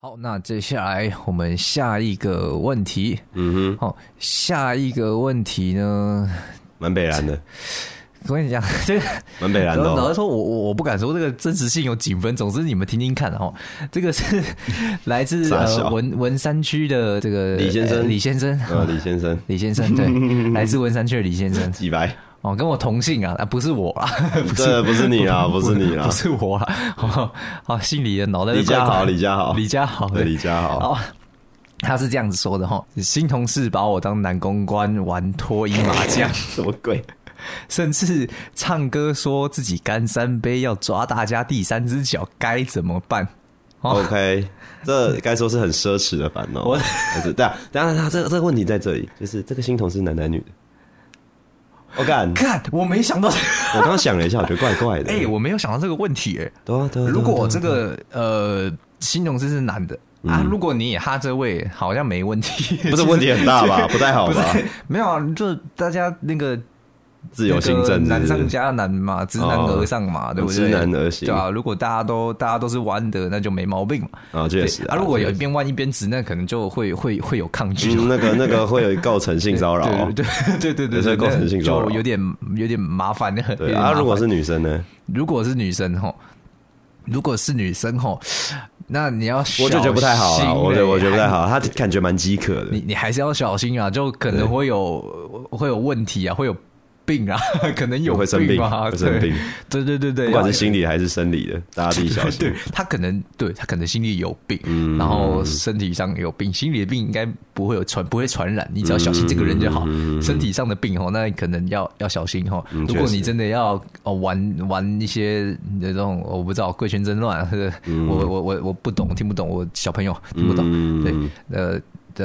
好，那接下來我們下一個問題。嗯哼，好、哦，下一個問題呢，蠻北然的。我跟你講，這個蠻北然的好好，老實說我，我我不敢說這個真實性有幾分。總之，你們聽聽看哦。這個是來自小呃文文山區的這個李先生，李先生李先生，呃、李先生李先生，對， 來自文山區的李先生，李白。哦，跟我同姓啊，啊？不是我啦，啊不是你啊，不是你啊，不是，啦不是我啊！哦，姓、啊、李的腦袋李家豪，李家豪，李家豪，李家豪。哦，他是這樣子說的哈、哦，新同事把我當男公關玩脫衣麻將，什 麼鬼？甚至唱歌說自己乾三杯要抓大家第三隻腳，該怎麼辦、哦、？OK，這該說是很奢侈的煩惱。對啊我，當然他這個、這個問題在這裡，就是這個新同事男男女我看，看我沒想到，我剛剛想了一下， 我覺得怪怪的、欸。哎、欸，我沒有想到這個問題、欸，哎，如果我這個 呃，形容是是男的、嗯、啊，如果你也哈這位好像沒問題，不是問題很大吧？ 不太好吧？沒有啊，就是大家那個。自由心證難上加難嘛？知男而上嘛，對不對？知男而行，對啊，如果大家都大家都是彎的，那就沒毛病嘛。啊，確實。啊，如果有一邊彎一邊直，那可能就會會會有抗拒。那個那個會有構成性騷擾，對對對對，所以構成性騷擾，就有點有點麻煩的很。對，那如果是女生呢？如果是女生吼，如果是女生吼，那你要小心，我就覺得不太好，我我覺得不太好，她感覺蠻飢渴的。你你還是要小心啊，就可能會有會有問題啊，會有。病啊，可能有生病嗎？生病，對對對，不管是心理還是生理的，大家自己小心。對，他可能對他可能心理有病，然後身體上有病，心理的病應該不會有傳，不會傳染。你只要小心這個人就好。身體上的病哈，那你可能要要小心哈。如果你真的要哦玩玩一些那種，我不知道，貴圈真亂，或者我我我我不懂，聽不懂，我小朋友聽不懂。對，呃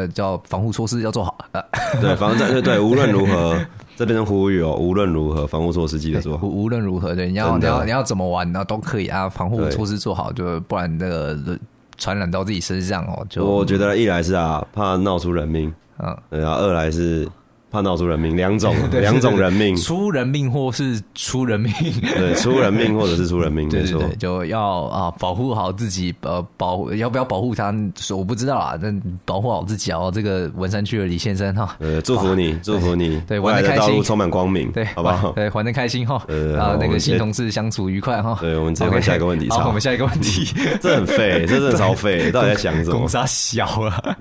叫防護措施要做好啊。對，防戰對對，無論如何，這邊的呼籲哦，無論如何，防護措施記得做好、欸。無無論如何的，你要你要的你要怎麼玩、啊，都可以啊，防護措施做好，對就不然那、這個傳染到自己身上哦、喔。就我覺得一來是啊，怕鬧出人命，嗯，然後、啊、二來是。嗯判到出人命，兩種，兩種人命，出人命或是出人命，對，出人命或者是出人命，沒錯，就要啊保護好自己，呃，保要不要保護他，我不知道啊，但保護好自己啊，這個文山區的李先生哈，呃，祝福你，祝福你，對，玩的開心，道路充滿光明，對，好不好？對，玩的開心哈，呃，啊，那個新同事相處愉快哈，對，我們直接看下一個問題，好，我們下一個問題，這很廢，這是超廢，你到底在想什麼？公差小了，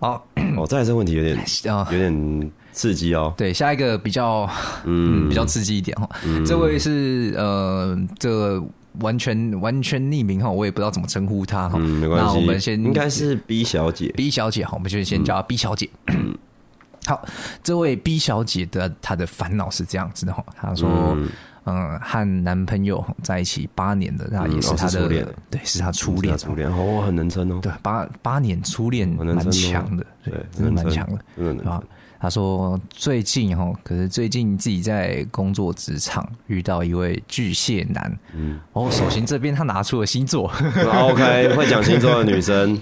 好，我再這個問題有點，有點。刺激哦，對，下一個比較嗯比較刺激一點哈，這位是呃這完全完全匿名哈，我也不知道怎麼稱呼她哈，那我們先應該是 B 小姐，B 小姐哈，我們就先叫她 B 小姐。好，這位 B 小姐的她的煩惱是這樣子的哈，她說嗯和男朋友在一起八年了，那也是她的對是她初戀，初戀哦，很能撐哦，對，八八年初戀蠻強的，對，真的蠻強的，是吧？他說：“最近哈，可是最近自己在工作職場遇到一位巨蟹男，嗯，哦，首先這邊他拿出了星座 ，OK，會講星座的女生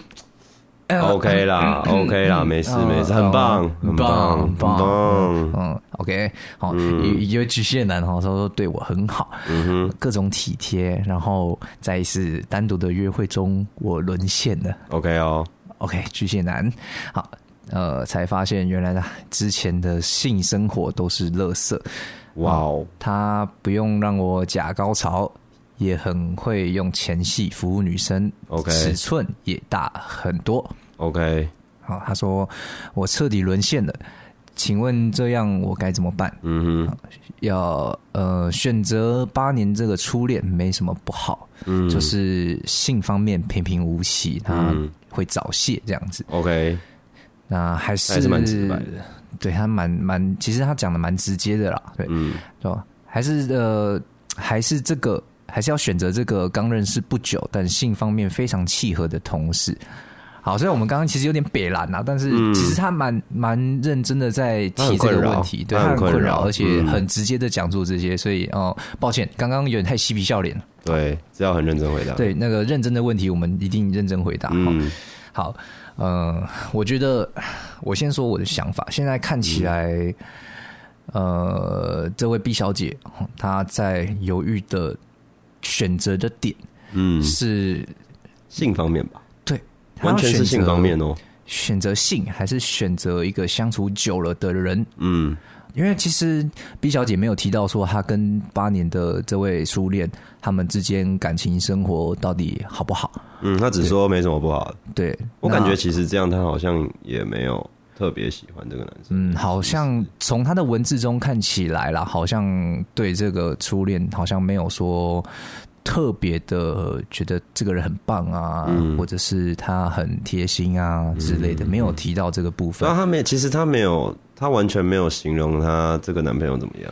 ，OK 啦，OK 啦，okay 啦嗯嗯嗯、沒事沒事，很棒很棒很棒，嗯，OK，好，一一位巨蟹男，他說對我很好，嗯哼各種體貼，然後在一次單獨的約會中，我淪陷了，OK 哦，OK，巨蟹男，好。”呃，才發現原來的之前的性生活都是樂色，哇哦 Wow.、嗯！他不用讓我假高潮，也很會用前戲服務女生。Okay. 尺寸也大很多。OK，好，嗯，他說我徹底淪陷了，請問這樣我該怎麼辦？嗯、mm hmm. 要呃，選擇八年這個初戀沒什麼不好，嗯、mm，hmm. 就是性方面平平無奇，他會早洩，mm hmm. 這樣子。OK。那、啊、還是，蠻直白的、嗯、對，他蠻蠻，其實他講的蠻直接的啦，對，對吧、嗯？還是呃，還是這個，還是要選擇這個剛認識不久但性方面非常契合的同事。好，所以我們剛剛其實有點癟藍啦，但是其實他蠻蠻、嗯、認真的在提這個問題，對，他很困擾，而且很直接的講出這些。所以哦、呃，抱歉，剛剛有點太嬉皮笑臉了，對，只要很認真回答，對，那個認真的問題，我們一定認真回答。嗯好，好。呃，我覺得我先說我的想法。現在看起來，嗯、呃，這位畢小姐她在猶豫的選擇的點，嗯，是性方面吧？對，完全是性方面哦。選擇性還是選擇一個相處久了的人，嗯。因為其實 B 小姐沒有提到說，她跟八年的這位初戀，他們之間感情生活到底好不好？嗯，她只說沒什麼不好的。對，對，我感覺其實這樣，她好像也沒有特別喜歡這個男生。嗯，好像從她的文字中看起來啦，好像對這個初戀好像沒有說特別的覺得這個人很棒啊，嗯，或者是他很貼心啊之類的，嗯，沒有提到這個部分。那他沒，其實他沒有。她完全沒有形容她這個男朋友怎麼樣，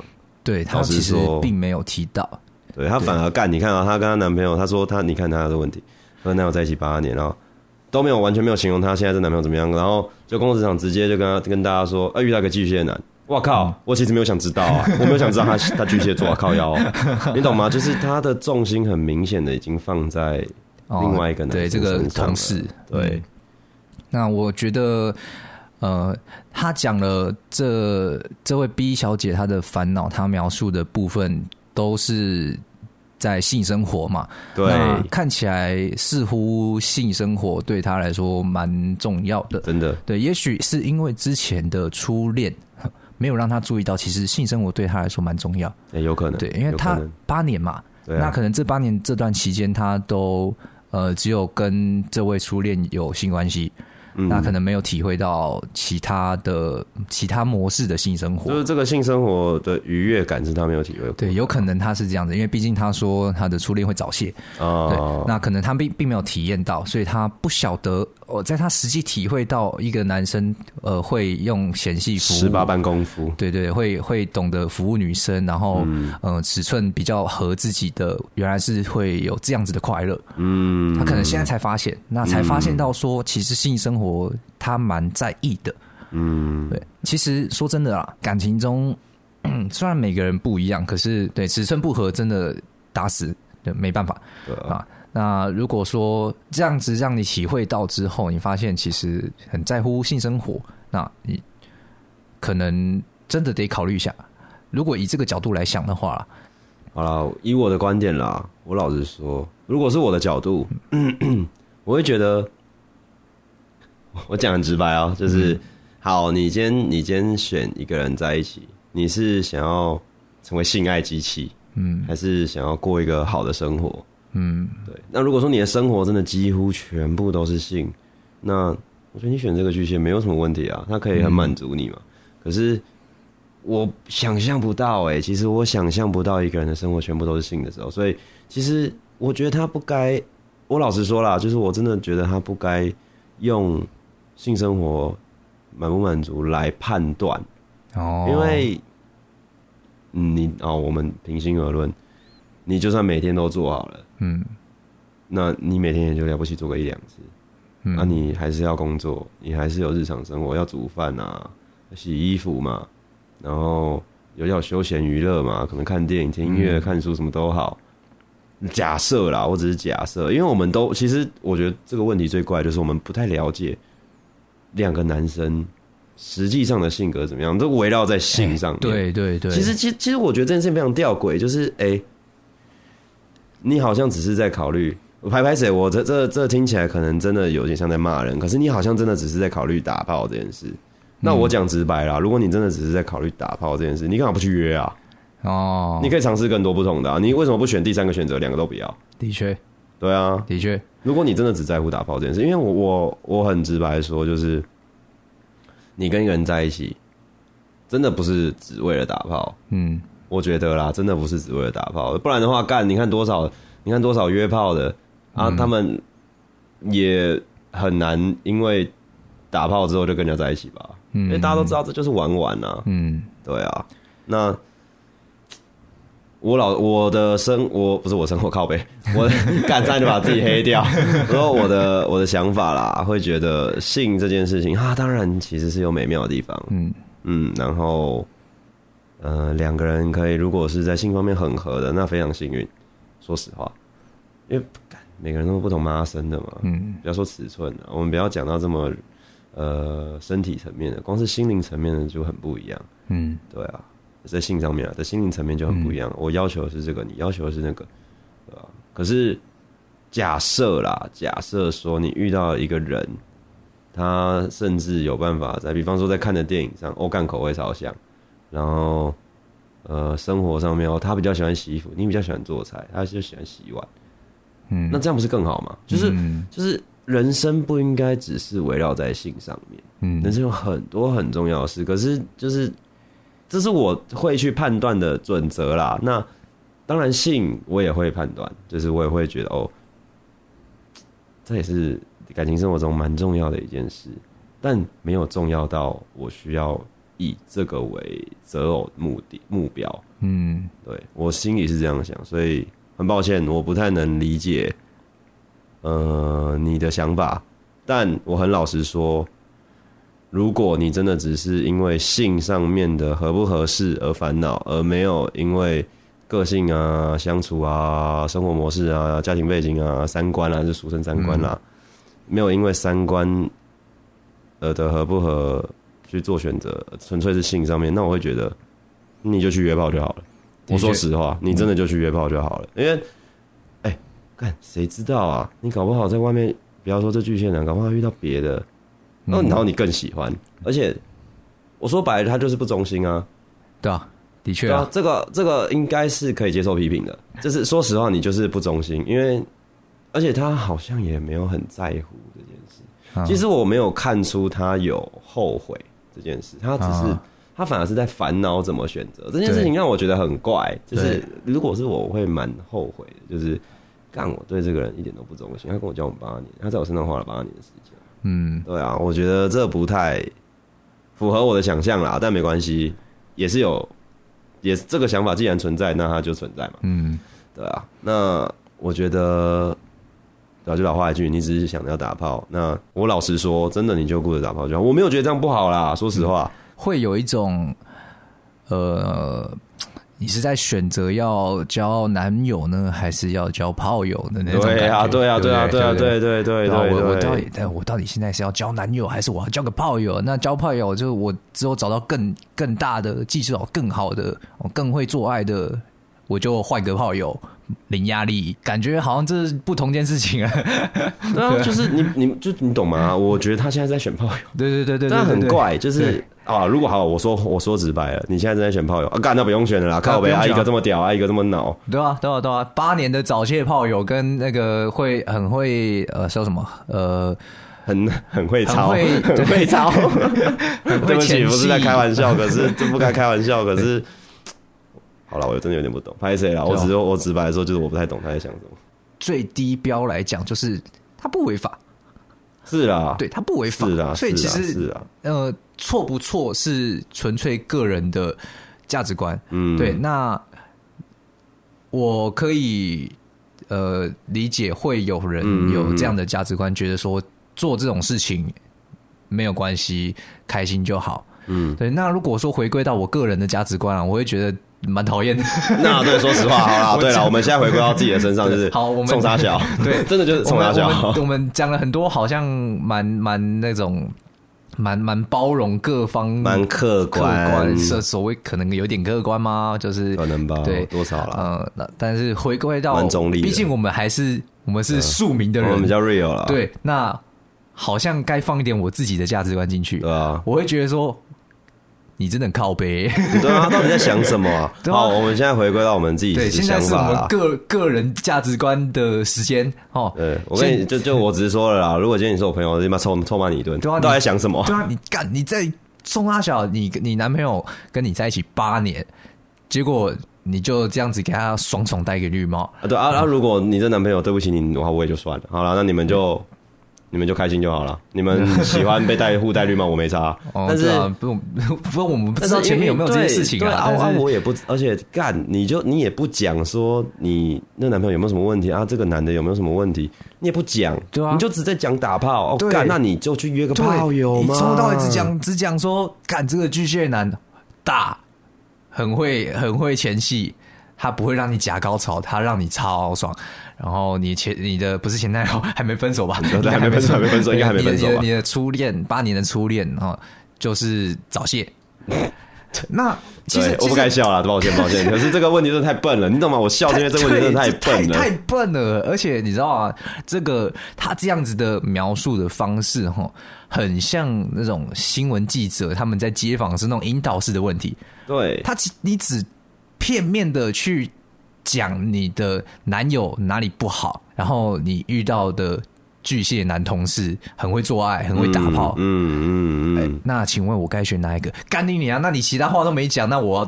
對她其實並沒有提到，他對她反而干對你看啊，她跟她男朋友，她說她你看她的問題，和男友在一起八年然後都沒有完全沒有形容她現在這男朋友怎麼樣，然後就工作職場直接就跟他跟大家說，欸、遇到一個巨蟹男，我靠，我其實沒有想知道啊，我沒有想知道他 他巨蟹座，我靠腰、啊，你懂嗎？就是他的重心很明顯的已經放在另外一個男生身上、哦、對這個同事對，對那我覺得。呃，他講了這這位 B 小姐她的煩惱，她描述的部分都是在性生活嘛。對，那看起來似乎性生活對她來說蠻重要的，真的。對，也許是因為之前的初戀沒有讓她注意到，其實性生活對她來說蠻重要。有可能，對，因為她八年嘛，可那可能這八年這段期間她，她都呃只有跟這位初戀有性關係。那可能沒有體會到其他的其他模式的性生活，就是這個性生活的愉悅感是他沒有體會。對，有可能他是這樣子，因為畢竟他說他的初戀會早泄，對，那可能他並並沒有體驗到，所以他不曉得。哦，在他實際體會到一個男生呃會用嫌棄服十八般功夫，對對，會會懂得服務女生，然後嗯、呃、尺寸比較合自己的，原來是會有這樣子的快樂。嗯，他可能現在才發現，那才發現到說其實性生活。我他蠻在意的，嗯，對，其實說真的啊，感情中 雖然每個人不一樣，可是對尺寸不合真的打死，對，沒辦法對啊，啊。那如果說這樣子讓你體會到之後，你發現其實很在乎性生活，那你可能真的得考慮一下。如果以這個角度來想的話，好了，以我的觀點啦，我老實說，如果是我的角度， 我會覺得。我講很直白哦，就是、嗯、好，你先你先選一個人在一起，你是想要成為性愛機器，嗯，還是想要過一個好的生活，嗯，對。那如果說你的生活真的幾乎全部都是性，那我覺得你選這個巨蟹沒有什麼問題啊，他可以很滿足你嘛。嗯、可是我想象不到、欸，哎，其實我想象不到一個人的生活全部都是性的時候，所以其實我覺得他不該，我老實說啦，就是我真的覺得他不該用。性生活滿不滿足來判斷哦？Oh. 因為你哦，我們平心而論，你就算每天都做好了，嗯，那你每天也就了不起做個一兩次。那、嗯啊、你還是要工作，你還是有日常生活要煮飯啊、洗衣服嘛，然後有要休閒娛樂嘛，可能看電影、聽音樂、嗯、看書什麼都好。假設啦，我只是假設，因為我們都其實我覺得這個問題最怪的就是我們不太了解。兩個男生實際上的性格怎麼樣，都圍繞在性上面，欸。對對對。其實，其其實我覺得這件事非常吊詭，就是，哎、欸，你好像只是在考慮排排水。我這這這聽起來可能真的有點像在罵人，可是你好像真的只是在考慮打炮這件事。那我講直白啦，嗯、如果你真的只是在考慮打炮這件事，你幹嘛不去約啊？哦，你可以嘗試更多不同的啊。你為什麼不選第三個選擇，兩個都不要？的確，對啊，的確。如果你真的只在乎打炮這件事，因為我我我很直白說，就是你跟一個人在一起，真的不是只為了打炮。嗯，我覺得啦，真的不是只為了打炮，不然的話，幹，你看多少，你看多少約炮的啊，嗯，他們也很難，因為打炮之後就跟人家在一起吧。嗯，嗯，因為大家都知道這就是玩玩啊。嗯，對啊，那。我老我的生我不是我生活靠北，我幹戰就把自己黑掉。 然後我的我的想法啦，會覺得性這件事情啊，當然其實是有美妙的地方，嗯嗯，然後呃兩個人可以，如果是在性方面很合的，那非常幸運。說實話，因為每個人都是不同媽生的嘛，嗯嗯，不要說尺寸，啊，我們不要講到這麼呃身體層面的，光是心靈層面的就很不一樣，嗯，對啊。在性上面啊，在心靈層面就很不一樣。嗯、我要求的是這個，你要求的是那個，呃、可是假設啦，假設說你遇到一個人，他甚至有辦法在，比方說在看的電影上，哦，干口味超像。然後，呃，生活上面哦，他比較喜歡洗衣服，你比較喜歡做菜，他就喜歡洗碗。嗯，那這樣不是更好嗎？就是、嗯、就是，人生不應該只是圍繞在性上面。嗯，人生有很多很重要的事，可是就是。這是我會去判斷的準則啦。那當然，性我也會判斷，就是我也會覺得哦，這也是感情生活中蠻重要的一件事，但沒有重要到我需要以這個為擇偶目的目標。嗯，對，我心裡是這樣想，所以很抱歉，我不太能理解，呃，你的想法。但我很老實說。如果你真的只是因為性上面的合不合適而煩惱，而沒有因為個性啊、相處啊、生活模式啊、家庭背景啊、三觀啊，還是俗稱三觀啦、啊，嗯、沒有因為三觀呃的合不合去做選擇，純粹是性上面，那我會覺得你就去約炮就好了。確我說實話，你真的就去約炮就好了，因為哎，幹、欸、誰知道啊？你搞不好在外面，不要說這巨蟹男，搞不好遇到別的。那然後你更喜歡，嗯、哼而且我說白了，他就是不忠心啊。對啊，的確啊，啊這個這個應該是可以接受批評的。就是說實話，你就是不忠心，因為而且他好像也沒有很在乎這件事。啊、其實我沒有看出他有後悔這件事，他只是啊啊他反而是在煩惱怎麼選擇這件事情，讓我覺得很怪。對就是如果是我，我會蠻後悔的。就是對幹我對這個人一點都不忠心，他跟我交往八年，他在我身上花了八年的時間。嗯，對啊，我覺得這不太符合我的想象啦，但沒關係，也是有，也是這個想法既然存在，那它就存在嘛。嗯，對啊，那我覺得，老後、啊、就老話一句，你只是想要打炮，那我老實說，真的你就顧着打炮就好，就我沒有覺得這樣不好啦，說實話，嗯、會有一種，呃。你是在選擇要交男友呢，還是要交炮友的那種感覺？對啊，對啊，對啊，對啊，對對對對我。我我到底，我到底現在是要交男友，還是我要交個炮友？那交炮友就是我之後找到更更大的、技術更好的、我更會做愛的。我就換個炮友，零壓力，感覺好像這是不同件事情啊。那就是你，你就你懂嗎？我覺得他現在在選炮友，對對對對，但很怪，就是啊，如果好，我說我說直白了，你現在正在選炮友，幹那不用選了啦，靠北啊一個這麼屌，一個這麼老。對啊，對啊，對啊，八年的早泄炮友跟那個會很會呃說什麼呃，很很會操，很會操。對不起，不是在開玩笑，可是這不該開玩笑，可是。好了，我真的有點不懂，拍誰了？我只是我直白來說，就是我不太懂他在想什麼。最低標來講，就是他不違法，是啊，對，他不違法，是啊，所以其實，是啊，啊、呃，錯不錯是純粹個人的價值觀，嗯，對。那我可以呃理解，會有人有這樣的價值觀，覺得說做這種事情沒有關係，開心就好，嗯，對。那如果說回歸到我個人的價值觀啊，我會覺得。蠻討厭的那對，說實話，好啦，對啦，我們現在回歸到自己的身上，就是好，我們衝殺小，對，真的就是衝殺小。我們講了很多，好像蠻蠻那種，蠻蠻包容各方，蠻客觀，是所謂可能有點客觀嗎？就是可能吧，對，多少啦？嗯，那但是回歸到，畢竟我們還是我們是庶民的人，我們叫 real 啦。對，那好像該放一點我自己的價值觀進去，啊，我會覺得說。你真的靠背 嗯？對啊，他到底在想什麼、啊？對好，啊、我們現在回歸到我們自己想法對，現在是我們個個人價值觀的時間哦。對，我跟你先就就我直說說了啦，如果今天你是我朋友，我立馬臭臭罵你一頓。對，他到底在想什麼、啊？對啊，你幹，你在送他小，你你男朋友跟你在一起八年，結果你就這樣子給他爽爽戴個綠帽。啊對啊、嗯、啊，如果你的男朋友對不起你的話，我也就算了。好了，那你們就。嗯你們就開心就好了。你們喜歡被帶互帶綠帽？ 我沒差。哦、但是不、啊，不用，不用，我們不知道前面有沒有這些事情啊。對對啊，是我也不，而且幹，你就你也不講說你那男朋友有沒有什麼問題啊？這個男的有沒有什麼問題？你也不講，對啊，你就只在講打炮。幹、哦對，那你就去約個炮友嘛，你從頭到尾只講只講說，幹這個巨蟹男打，很會很會前戲，他不會讓你假高潮，他讓你超爽。然後你前你的不是前男友，還沒分手吧？對應還沒分手，還沒分手，應該還沒分手。你的，你的初戀八年的初戀哈，就是早洩。 那其實，對其實我不該笑啦， 抱歉抱歉。可是這個問題真的太笨了， 太你懂嗎？我笑因為這個問題真的太笨了，太，太笨了。而且你知道啊，這個他這樣子的描述的方式哈，很像那種新聞記者他們在街訪是那種引導式的問題。對他只你只片面的去。講你的男友哪裡不好，然後你遇到的巨蟹的男同事很會做愛，很會打炮，嗯嗯嗯，嗯、欸。那請問，我該選哪一個？幹你你啊！那你其他話都沒講，那我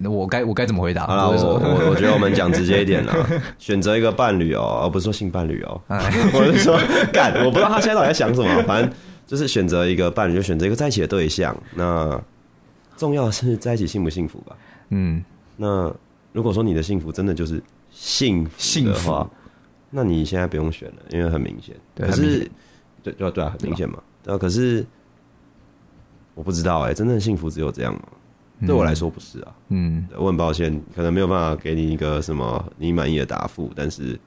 我我該我該怎麼回答？好啦我我我覺得我們講直接一點的、啊， 選擇一個伴侶哦、喔，而不是說性伴侶哦、喔。嗯、我是說幹，我不知道他現在到底在想什麼。 反正就是選擇一個伴侶，就選擇一個在一起的對象。那重要的是在一起幸不幸福吧？嗯，那。如果說你的幸福真的就是幸福的話幸福，那你現在不用選了，因為很明顯。對可是，對對啊對啊，很明顯嘛。那、哦啊、可是，我不知道哎、欸，真正的幸福只有這樣嗎。嗯、對我來說不是啊。嗯，我很抱歉，可能沒有辦法給你一個什麼你滿意的答覆，但是。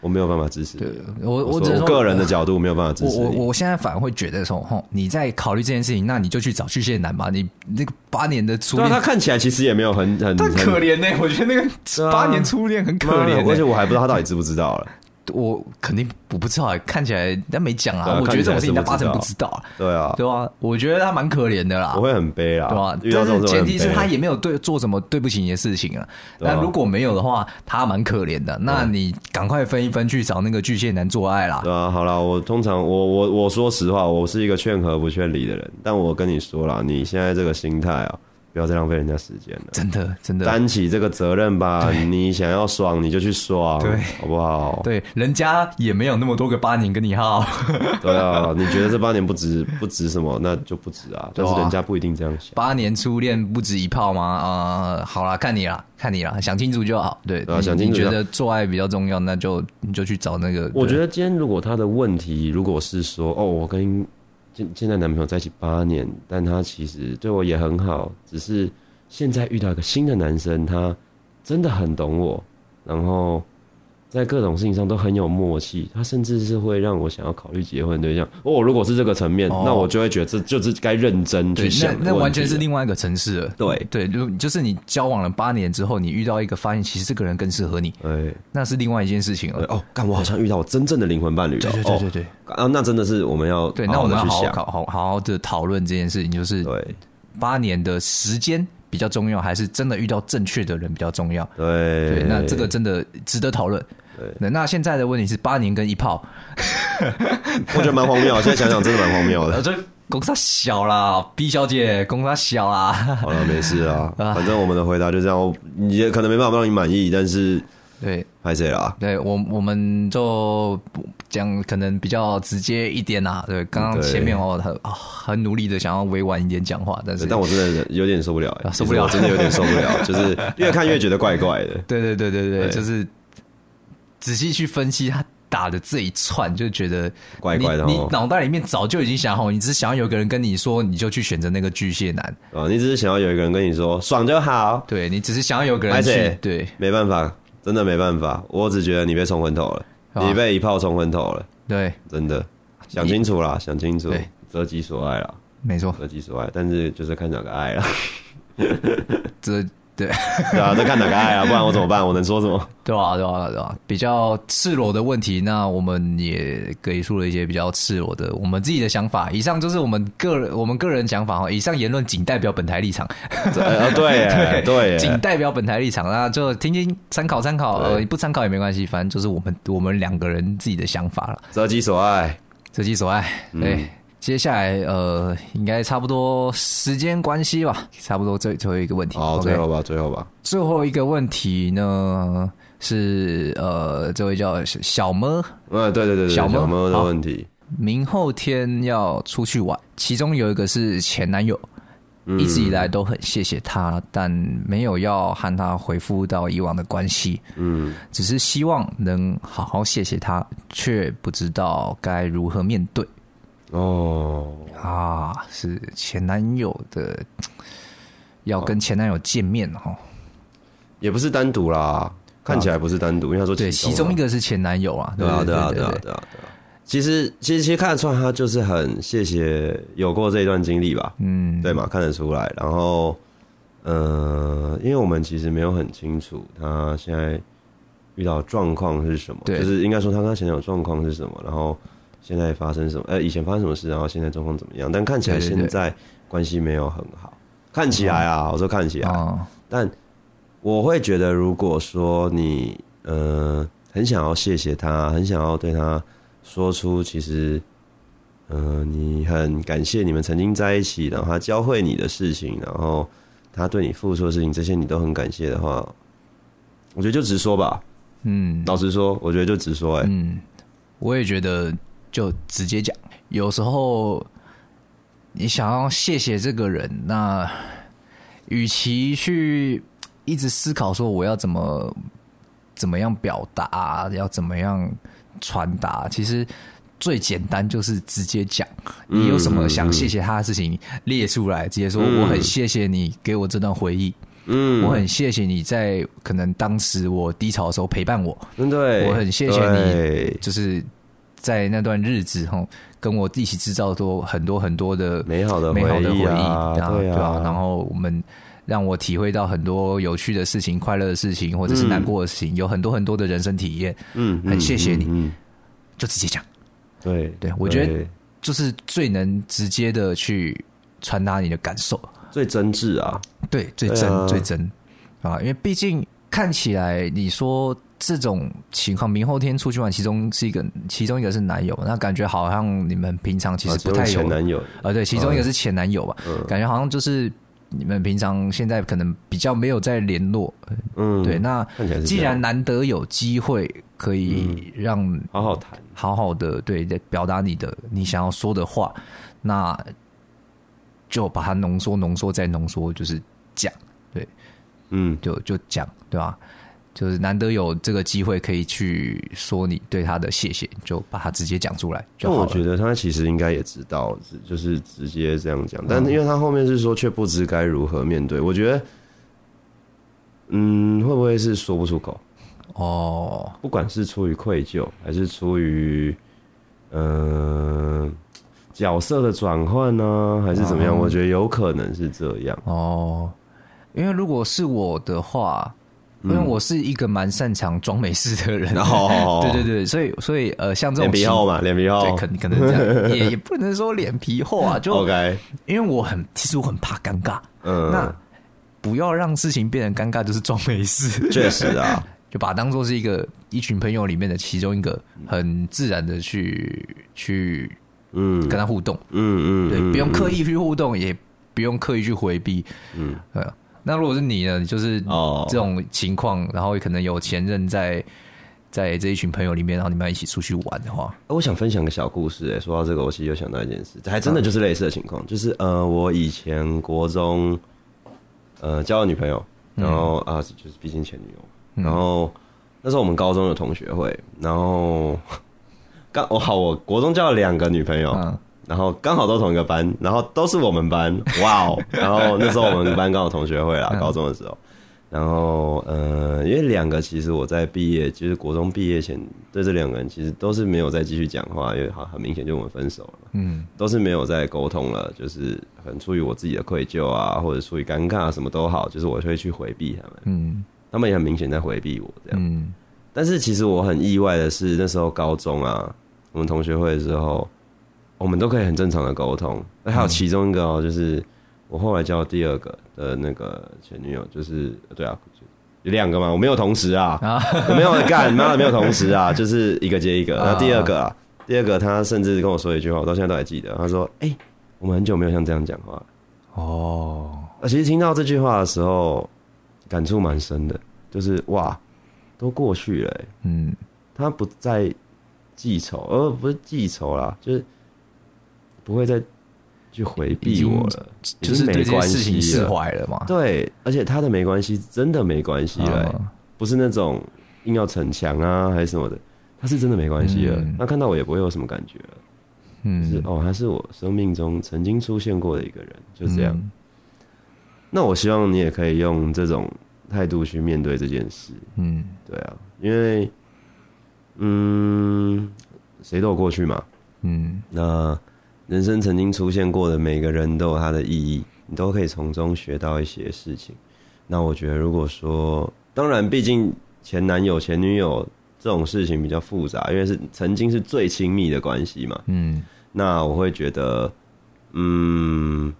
我沒有辦法支持對對對，我我我個人的角度沒有辦法支持你我我，我現在反而會覺得說，哼，你在考慮這件事情，那你就去找巨蟹男吧。你那個八年的初戀、啊，他看起來其實也沒有很很，他可憐呢、欸。才我覺得那個八年初戀很可憐、啊，而且我還不知道他到底知不知道了。我肯定我不知道啊，看起來他沒講啊，我覺得這種事情他八成不知道啊。對啊，對啊，我覺得他蠻可憐的啦，我會很悲啦，對啊，但是前提是他也沒有對做什麼對不起你的事情啊。那如果沒有的話，他蠻可憐的。那你趕快分一分去找那個巨蟹男做愛啦。對啊，好啦，我通常我我我說實話，我是一個勸和不勸離的人，但我跟你說了，你現在這個心態啊。不要再浪費人家時間了真，真的真的擔起這個責任吧。對你想要爽，你就去爽，對，好不好？對，人家也沒有那麼多個八年跟你耗。對啊， 你覺得這八年不值不值什麼，那就不值啊。啊，但是人家不一定這樣想。八年初戀不值一炮嗎？啊、呃，好啦，看你啦，看你啦，想清楚就好。對，對啊，你想清楚。你覺得做愛比較重要，那就你就去找那個。我覺得今天如果他的問題如果是說哦，我跟現現在男朋友在一起八年，但他其實對我也很好，只是現在遇到一個新的男生，他真的很懂我，然後。在各種事情上都很有默契，他甚至是會讓我想要考慮結婚對象。哦，如果是這個層面，哦，那我就會覺得這就是該認真去想。那那完全是另外一個層次了。對對，就就是你交往了八年之後，你遇到一個發現，其實這個人更適合你，對，那是另外一件事情。哦，幹我好像遇到我真正的靈魂伴侶了。對對對對啊，哦，那真的是我們要好好對，那我們好好，好好好好的討論這件事情，就是八年的時間比較重要，還是真的遇到正確的人比較重要？對，對，那這個真的值得討論。那對 那現在的問題是八年跟一炮，對 我覺得蠻荒謬。現在想想，真的蠻荒謬的。這公司小啦，B 小姐公司小啦，啊。好了，沒事啊，反正我們的回答就這樣，你也可能沒辦法讓你滿意，但是。對，歹勢啦，對，我我們就講可能比較直接一點吶。對，剛剛前面哦，很很努力的想要委婉一點講話，但是但我真的有點受不了，受不了，真的有點受不了，就是越看越覺得怪怪的。對對對對對，就是仔細去分析他打的這一串，就覺得怪怪的。你腦袋裡面早就已經想好，你只是想要有個人跟你說，你就去選擇那個巨蟹男啊。你只是想要有一個人跟你說，爽就好。對，你只是想要有個人去，對，沒辦法。真的沒辦法，我只覺得你被沖昏頭了，哦、你被一炮沖昏頭了。對，真的，想清楚啦，也想清楚，擇對己所愛啦，嗯、沒錯，擇己所愛，但是就是看哪個愛了。擇。 對 對啊，這看哪個愛啊？不然我怎麼辦？ 我能說什麼？對啊對啊對啊，比較赤裸的問題，那我們也給出了一些比較赤裸的我們自己的想法。以上就是我們個人，我們個人想法哈。以上言論僅代表本台立場。對對 對，僅代表本台立場，那就聽聽，參考參考，對呃、不參考也沒關係。反正就是我們我們兩個人自己的想法了，擇己所愛，擇己所愛，對。嗯接下來，呃，應該差不多時間關係吧，差不多最最後一個問題，好，okay，最後吧，最後吧，最後一個問題呢是，呃，這位叫小麼，呃、啊，對對對對，小麼的問題好，明後天要出去玩，其中有一個是前男友，嗯、一直以來都很謝謝他，但沒有要和他回復到以往的關係，嗯，只是希望能好好謝謝他，卻不知道該如何面對。哦啊，是前男友的，要跟前男友見面哦，啊、也不是單獨啦，看起來不是單獨，應該、啊、說對，其中一個是前男友啊，對啊，對啊，對啊，對啊。其實其實其實看得出來，他就是很謝謝有過這一段經歷吧，嗯，對嘛，看得出來。然後呃，因為我們其實沒有很清楚他現在遇到狀況是什麼，對就是應該說他跟他前男友狀況是什麼，然後。現在發生什麼？呃、欸，以前發生什麼事？然後現在狀況怎麼樣？但看起來現在關係沒有很好。對對對。看起來啊，嗯、我說看起來，嗯、但我會覺得，如果說你呃很想要謝謝他，很想要對他說出，其實嗯、呃、你很感謝你們曾經在一起，然後他教會你的事情，然後他對你付出的事情，這些你都很感謝的話，我覺得就直說吧。嗯，老實說，我覺得就直說、欸。哎，嗯，我也覺得。就直接講。有時候你想要謝謝這個人，那與其去一直思考說我要怎麼怎麼樣表達，要怎麼樣傳達，其實最簡單就是直接講。你有什麼想謝謝他的事情，列出來，嗯、直接說。我很謝謝你給我這段回憶。嗯，我很謝謝你，在可能當時我低潮的時候陪伴我。對，我很謝謝你，就是。在那段日子，吼，跟我一起製造多很多很多的美好的美好的回憶啊，對啊，然後我們讓我體會到很多有趣的事情、快樂的事情，或者是難過的事情，有很多很多的人生體驗。嗯，很謝謝你，就直接講。對對，我覺得就是最能直接的去傳達你的感受，最真摯啊，對，最真最真啊，因為畢竟看起來你說。這種情況，明後天出去玩，其中是一個，其中一個是男友，那感覺好像你們平常其實不太有、啊、前男友啊、呃，對，其中一個是前男友吧，嗯、感覺好像就是你們平常現在可能比較沒有在聯絡，嗯，對，那既然難得有機會可以讓好好談，好好，好，好的對再表達你的你想要說的話，那就把它濃縮、濃縮再濃縮，就是講，對，嗯，就就講，對吧、啊？就是難得有這個機會可以去說你對他的謝謝，就把他直接講出來就好了。就我覺得他其實應該也知道，就是直接這樣講。但因為他後面是說卻不知該如何面對，我覺得，嗯，會不會是說不出口？哦，不管是出於愧疚，還是出於嗯、呃、角色的轉換呢，還是怎麼樣？嗯、我覺得有可能是這樣。哦，因為如果是我的話。因為我是一個蠻擅長裝沒事的人，然後對對對，所以所以呃，像這種臉皮厚嘛，臉皮厚，對，肯定可能這樣也也不能說臉皮厚啊，就因為我很其實我很怕尷尬，嗯，那不要讓事情變得尷尬，就是裝沒事，確實啊，就把它當做是一個一群朋友裡面的其中一個，很自然的去去嗯跟他互動，嗯嗯，對，不用刻意去互動，也不用刻意去回避，嗯。那如果是你呢？就是這種情況，哦、然後可能有前任在在這一群朋友裡面，然後你們要一起出去玩的話、呃，我想分享個小故事、欸。哎，說到這個，我其實又想到一件事，這還真的就是類似的情況，啊、就是呃，我以前國中呃交了女朋友，然後、嗯、啊，就是畢竟前女友，然後、嗯、那時候我們高中有同學會，然後剛我、哦、好，我國中交了兩個女朋友。啊然後剛好都同一個班，然後都是我們班，哇哦！然後那時候我們班剛好同學會啦， 高中的時候。然後，呃，因為兩個其實我在畢業，其實國中畢業前，對這兩個人其實都是沒有再繼續講話，因為很很明顯就我們分手了，嗯，都是沒有再溝通了，就是很出於我自己的愧疚啊，或者出於尷尬啊，什麼都好，就是我會去回避他們，嗯，他們也很明顯在回避我這樣，嗯。但是其實我很意外的是，那時候高中啊，我們同學會的時候。我們都可以很正常的溝通，那還有其中一個哦、喔，嗯、就是我後來交第二個的那個前女友，就是對啊，有兩個嘛，我沒有同時啊，啊我沒有幹，沒有 沒有同時啊，就是一個接一個。那第二個、啊，啊、第二個他甚至跟我說一句話，我到現在都還記得，他說：“哎、欸，我們很久沒有像這樣講話了哦。”其實聽到這句話的時候，感觸蠻深的，就是哇，都過去了、欸，嗯，他不再記仇，呃，不是記仇啦，就是。不會再去迴避我了，就是沒關係釋懷了嘛。就是對，是了對，而且他的沒關係真的沒關係了、欸啊，不是那種硬要逞強啊還是什麼的，他是真的沒關係了。那、嗯、看到我也不會有什麼感覺了，嗯、是哦，他是我生命中曾經出現過的一個人，就這樣。嗯、那我希望你也可以用這種態度去面對這件事。嗯，對啊，因為嗯，誰都有過去嘛。嗯，嗯那。人生曾經出現過的每個人都有他的意義，你都可以從中學到一些事情。那我覺得，如果說，當然，畢竟前男友、前女友這種事情比較複雜，因為是曾經是最親密的關係嘛。嗯。那我會覺得，嗯，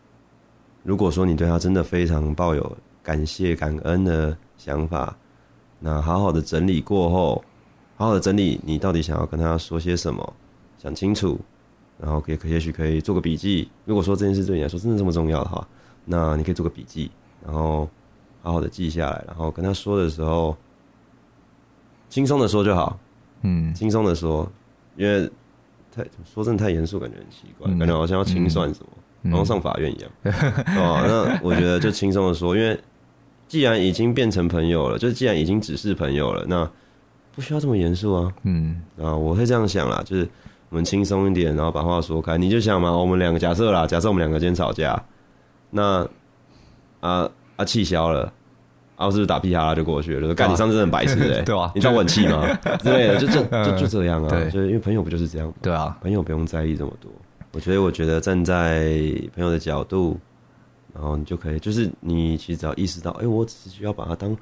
如果說你對他真的非常抱有感謝、感恩的想法，那好好的整理過後，好好的整理你到底想要跟他說些什麼，想清楚。然後也可也許可以做個筆記。如果說這件事對你來說真的這麼重要的話，那你可以做個筆記，然後好好的記下來，然後跟他說的時候，輕鬆的說就好。嗯，輕鬆的說，因為太說真的太嚴肅，感覺很奇怪，嗯、感覺好像要清算什麼，然後、嗯、上法院一樣。嗯、 哦，那我覺得就輕鬆的說，因為既然已經變成朋友了，就是既然已經只是朋友了，那不需要這麼嚴肅啊。嗯啊，我會這樣想啦，就是。我們輕鬆一點，然後把話說開。你就想嘛、哦，我們兩個假設啦，假設我們兩個今天吵架，那啊啊氣消了，然、啊、後是不是打屁哈啦就過去了？幹、啊、你上次真的很白癡哎、欸， 對、啊、你在穩氣嗎？ 對啊，就就就就這樣啊，以、 嗯，對因為朋友不就是這樣？對啊，朋友不用在意這麼多。我覺得，我覺得站在朋友的角度，然後你就可以，就是你其實只要意識到，哎、欸，我只是需要把他當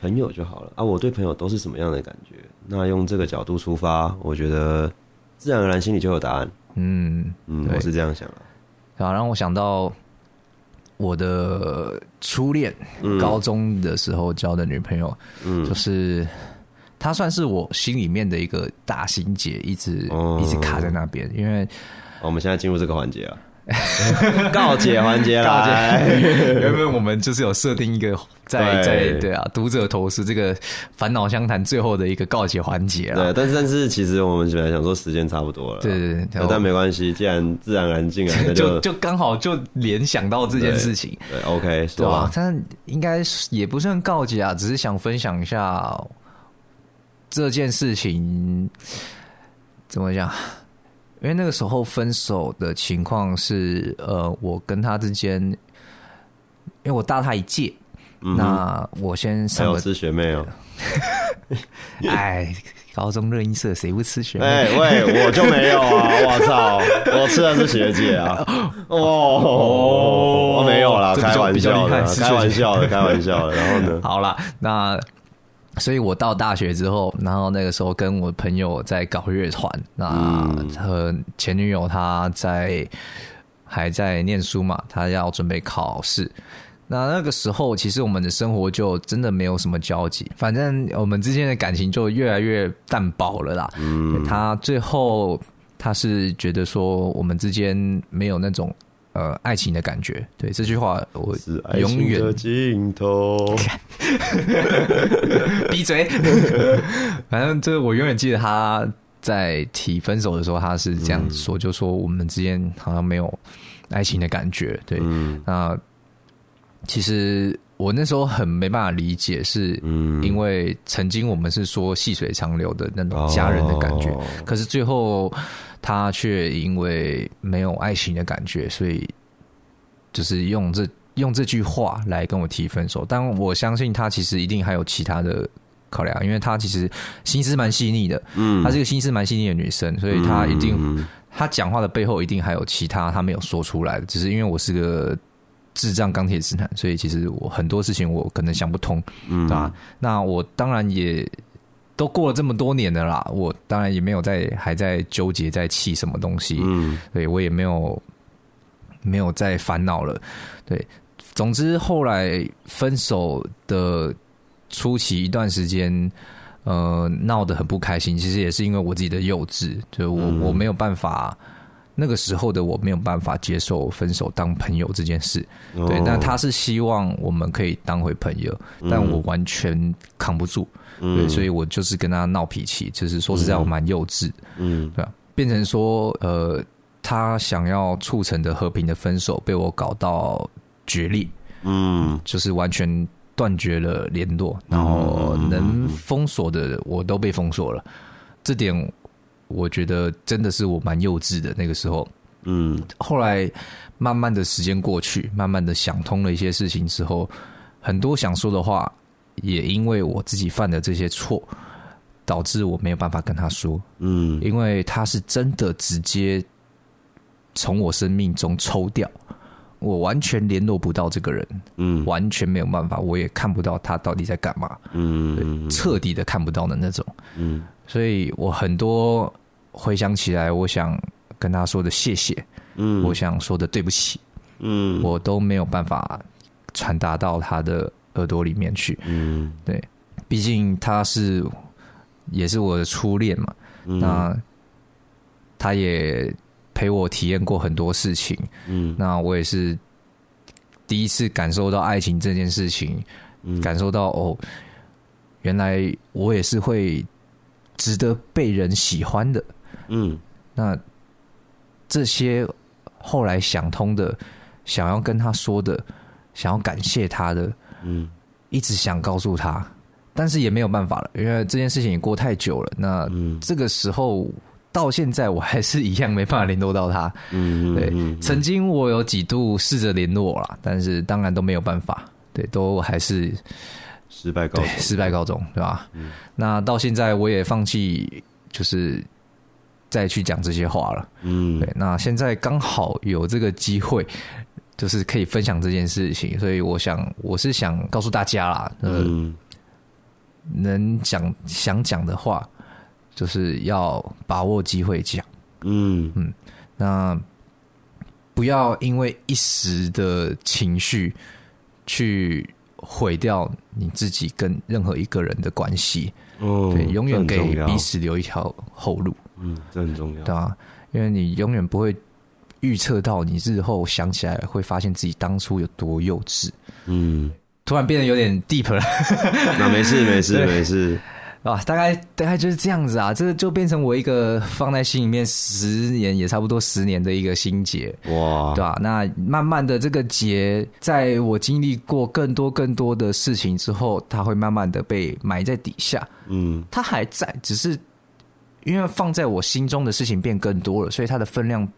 朋友就好了啊。我對朋友都是什麼樣的感覺？那用這個角度出發，我覺得。自然而然，心裡就有答案。嗯嗯，嗯對我是這樣想、啊啊。然後讓我想到我的初戀，嗯、高中的時候交的女朋友，嗯，就是她算是我心裡面的一個大心結，一直、哦、一直卡在那邊。因為，我們現在進入這個環節了。嗯 告解環節啊！告解。原本我們就是有設定一個在對、在對啊，讀者投書這個煩惱相談最後的一個告解環節啊。對，但是但是其實我們本來想說時間差不多了。對對對，對對後但沒關係，既然自然安靜了，就就剛好就聯想到這件事情。對，對，OK，對、啊、對吧？但應該也不算告解啊，只是想分享一下這件事情怎麼講。因為那個時候分手的情況是，呃，我跟他之間，因為我大他一屆，那我先吃學妹哦。哎，高中熱音社誰不吃學妹？喂，我就沒有啊！我操，我吃的是學姐啊！哦哦，沒有啦，開玩笑的，開玩笑的，開玩笑的。然後呢？好了，那。所以我到大學之後，然後那個時候跟我朋友在搞樂團，那和前女友她在還在念書嘛，她要準備考試。那那個時候其實我們的生活就真的沒有什麼交集，反正我們之間的感情就越來越淡薄了啦。嗯，她最後她是覺得說我們之間沒有那種。呃，愛情的感覺，對，這句話我永遠、是愛情的盡頭，閉嘴。 反正就是我永遠記得他在提分手的時候，他是這樣說，嗯、就說我們之間好像沒有愛情的感覺，對，嗯、那其實。我那時候很沒辦法理解，是因為曾經我們是說“細水長流”的那種家人的感覺，可是最後他卻因為沒有愛情的感覺，所以就是用這用這句話來跟我提分手。但我相信他其實一定還有其他的考量，因為他其實心思蠻細膩的，嗯，他是一個心思蠻細膩的女生，所以他一定，他講話的背後一定還有其他他沒有說出來的，只是因為我是個。智障鋼鐵直男，所以其實我很多事情我可能想不通，嗯啊，那我當然也都過了這麼多年了啦，我當然也沒有在還在糾結在氣什麼東西，嗯，對我也沒有沒有再煩惱了。對，總之後來分手的初期一段時間，呃，鬧得很不開心，其實也是因為我自己的幼稚，就我、嗯、我沒有辦法。那個時候的我沒有辦法接受分手當朋友這件事，哦、對，但他是希望我們可以當回朋友，嗯、但我完全扛不住，嗯、對，所以我就是跟他鬧脾氣，就是說實在我蠻幼稚，嗯，對吧？變成說，呃，他想要促成的和平的分手被我搞到決裂，嗯，就是完全斷絕了聯絡，然後能封鎖的我都被封鎖了，這點。我覺得真的是我蠻幼稚的那個時候，嗯，後來慢慢的時間過去，慢慢的想通了一些事情之後，很多想說的話，也因為我自己犯的這些錯，導致我沒有辦法跟他說，嗯，因為他是真的直接從我生命中抽掉，我完全聯絡不到這個人，嗯，完全沒有辦法，我也看不到他到底在幹嘛，嗯，嗯，嗯，嗯，徹底的看不到的那種，嗯。所以我很多回想起來，我想跟他說的謝謝，嗯，我想說的對不起，嗯，我都沒有辦法傳達到他的耳朵裡面去，嗯，對，畢竟他是也是我的初戀嘛，嗯，那他也陪我體驗過很多事情，嗯，那我也是第一次感受到愛情這件事情，嗯，感受到哦，原來我也是會。值得被人喜歡的，嗯，那這些後來想通的，想要跟他說的，想要感謝他的，嗯，一直想告訴他，但是也沒有辦法了，因為這件事情也過太久了。那這個時候，嗯，到現在，我還是一樣沒辦法聯絡到他。嗯哼嗯哼，對，曾經我有幾度試着聯絡啦，但是當然都沒有辦法，對，都還是。失敗告終，對，失敗告終，對吧？嗯、那到現在我也放棄，就是再去講這些話了。嗯，那現在剛好有這個機會，就是可以分享這件事情，所以我想，我是想告訴大家啦。嗯，呃、能講想講的話，就是要把握機會講。嗯嗯，那不要因為一時的情緒去。毀掉你自己跟任何一個人的關係，嗯、對，永遠給彼此留一條後路。嗯，這很重要，對吧？因為你永遠不會預測到你日後想起來會發現自己當初有多幼稚。嗯，突然變得有點 deep 了。那沒事，沒事，沒事。對沒事啊，大概大概就是這樣子啊，這就變成我一個放在心裡面十年，也差不多十年的一個心結，哇，對吧、啊？那慢慢的這個結，在我經歷過更多更多的事情之後，它會慢慢的被埋在底下。嗯，它還在，只是因為放在我心中的事情變更多了，所以它的分量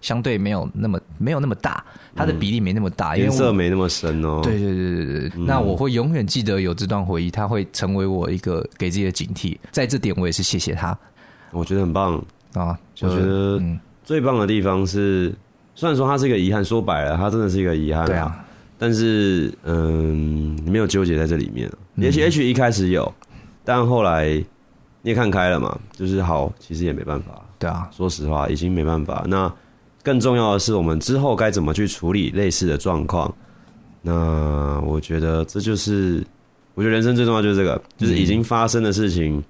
相對沒有那麼沒有那麼大，它的比例沒那麼大，顏、嗯、色沒那麼深哦、喔。對對對對，對、嗯、那我會永遠記得有這段回憶，它會成為我一個給自己的警惕。在這點，我也是謝謝他，我覺得很棒啊。我覺得最棒的地方是，嗯、雖然說他是一個遺憾，說白了，他真的是一個遺憾，對啊。但是嗯，你沒有糾結在這裡面。也許 H 一開始有，嗯、但後來你也看開了嘛，就是好，其實也沒辦法。對啊，說實話，已經沒辦法。那更重要的是，我們之後該怎麼去處理類似的狀況？那我覺得這就是，我覺得人生最重要就是這個，嗯、就是已經發生的事情，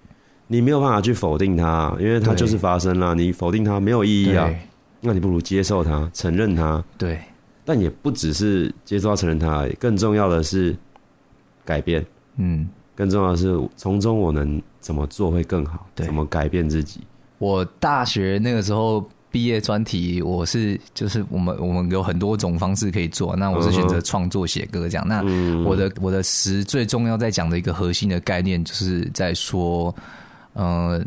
你沒有辦法去否定它，因為它就是發生了，對你否定它沒有意義啊。對那你不如接受它，承認它。對，但也不只是接受、承認它而已，更重要的是改變。嗯，更重要的是，從中我能怎麼做會更好？對怎麼改變自己？我大學那個時候。畢業專題，我是就是我們我們有很多種方式可以做，那我是選擇創作寫歌這樣。那我的、嗯、我的詞最重要在講的一個核心的概念，就是在說，嗯、呃、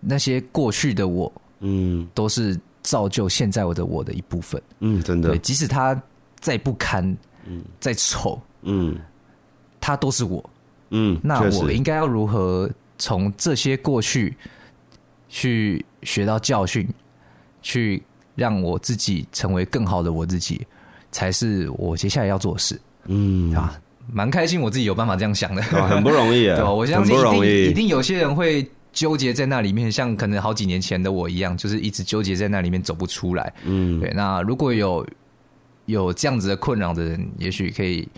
那些過去的我，嗯，都是造就現在我的我的一部分。嗯，真的，對，即使他再不堪，嗯，再醜，嗯，他都是我。嗯，那我應該要如何從這些過去去學到教訓？去讓我自己成為更好的我自己，才是我接下來要做的事。嗯，啊，蠻開心，我自己有辦法這樣想的，很不容易。啊。對，我相信一定一定有些人會糾結在那裡面，像可能好幾年前的我一樣，就是一直糾結在那裡面走不出來。嗯，對。那如果有有這樣子的困擾的人，也許可以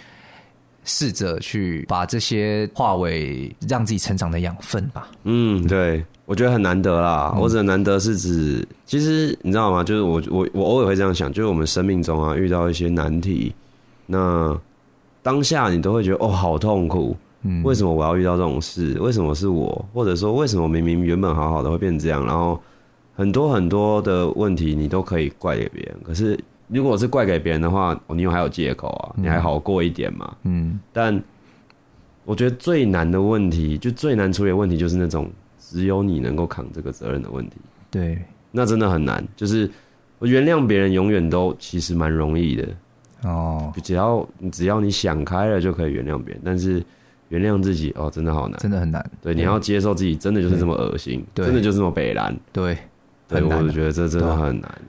試着去把這些化為讓自己成長的養分吧。嗯，對。我覺得很難得啦，我覺得難得是指，嗯、其實你知道嗎？就是我我我偶爾會這樣想，就是我們生命中啊遇到一些難題，那當下你都會覺得哦好痛苦，為什麼我要遇到這種事？嗯、為什麼是我？或者說為什麼明明原本好好的會變成這樣？然後很多很多的問題你都可以怪給別人，可是如果是怪給別人的話，哦、你有還有借口啊，你還好過一點嘛？嗯，但我覺得最難的問題，就最難處理的問題就是那種。只有你能夠扛這個責任的問題，對，那真的很難。就是我原諒別人永，永遠都其實蠻容易的哦，只要你只要你想開了，就可以原諒別人。但是原諒自己哦，真的好難，真的很難。對，你要接受自己，真的就是這麼噁心，對真的就是這麼北爛。對，對，對，我就覺得這真的很難。對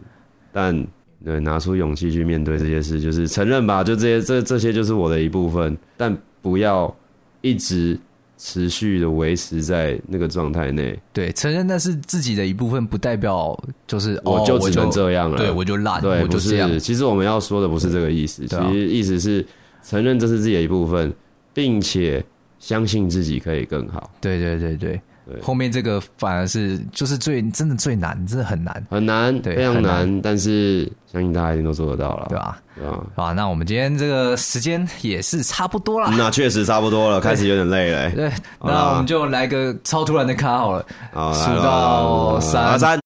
但對，拿出勇氣去面對這些事，對就是承認吧，就這些，這這些就是我的一部分。但不要一直。持續的維持在那個狀態內，對，承認那是自己的一部分，不代表就是我就只能這樣了，我就，對，我就爛，對我就不是。其實我們要說的不是這個意思，對其實意思是承認這是自己的一部分，並且相信自己可以更好。對對對對。對，後面這個反而是就是最真的最難，真的很難，很難，對，非常難。難，但是相信大家一定都做得到了，對吧？對吧，啊，好，那我們今天這個時間也是差不多了，那確實差不多了，開始有點累了、欸對。對，啦，那我們就來個超突然的卡好了，數到三，啦。